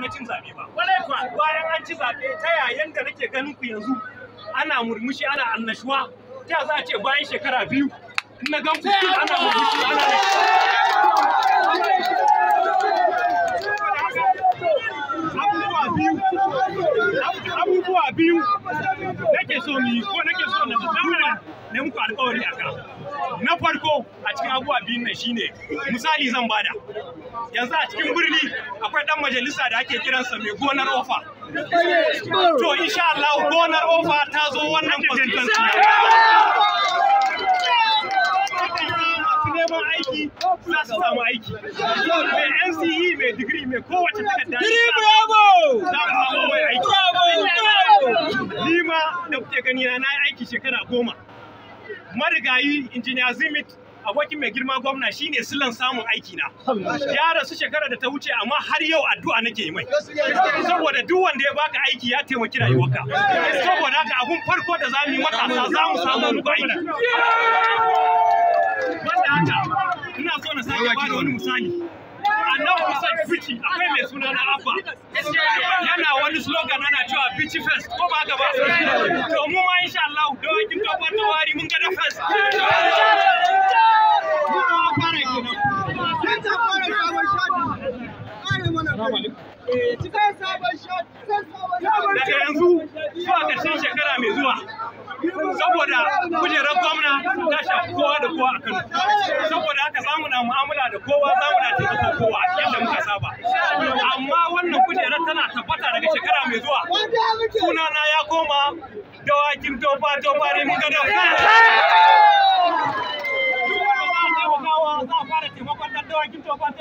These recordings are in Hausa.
na zaɓe ba. Bayan an ci zaɓe ta yayin da nake ganin ku yanzu ana murmushi ana annashuwa ta za a ce bayan shekara biyu na gan ku ana murmushi ana abubuwa biyu nake so mu yi ko nake so na muku alkawari a kan cikin abubuwa biyun nan shine misali zan bada yanzu a cikin birni akwai ɗan majalisa da ake kiransa mai gonar ofa to insha Allah gonar ofa ta zo wannan constituency neman aiki za su samu aiki mai NCE mai digiri mai kowace takarda za mu samu mai aiki ni da kuke gani na yi aiki shekara goma marigayi injiniya zimit abokin mai girma gwamna shine silan samun aiki na ya rasu shekara da ta wuce amma har yau addu'a nake yi mai saboda duk wanda ya baka aiki ya taimaki rayuwarka saboda haka abun farko da zamu yi matasa za mu samu muku aiki wanda haka ina so na sake bada wani misali annabi musa bici akwai mai suna na abba yana wani slogan ana cewa bici First' ko ba gaba to mu ma insha Kin tabbara sabon shafi. Kare mana kai. Cika sabon shafi. Daga yanzu zuwa ƙarshen shekara mai zuwa. Saboda kujerar gwamna ta shafi kowa da kowa a Kano. Saboda haka za mu na mu'amala da kowa za mu na taimakon kowa a da muka saba. Amma wannan kujerar tana tabbata daga shekara mai zuwa. Sunana ya koma dawakin dofa dofa ne muka da.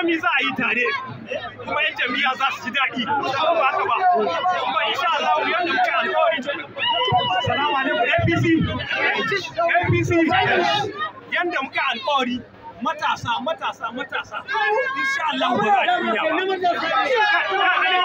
komi za a yi tare kuma yan jam'iyya za su ji daɗi ko ba haka ba kuma insha Allah mu yanda muke alƙawari salamu alaikum APC APC yanda muke alƙawari matasa matasa matasa insha Allah ba za a yi ba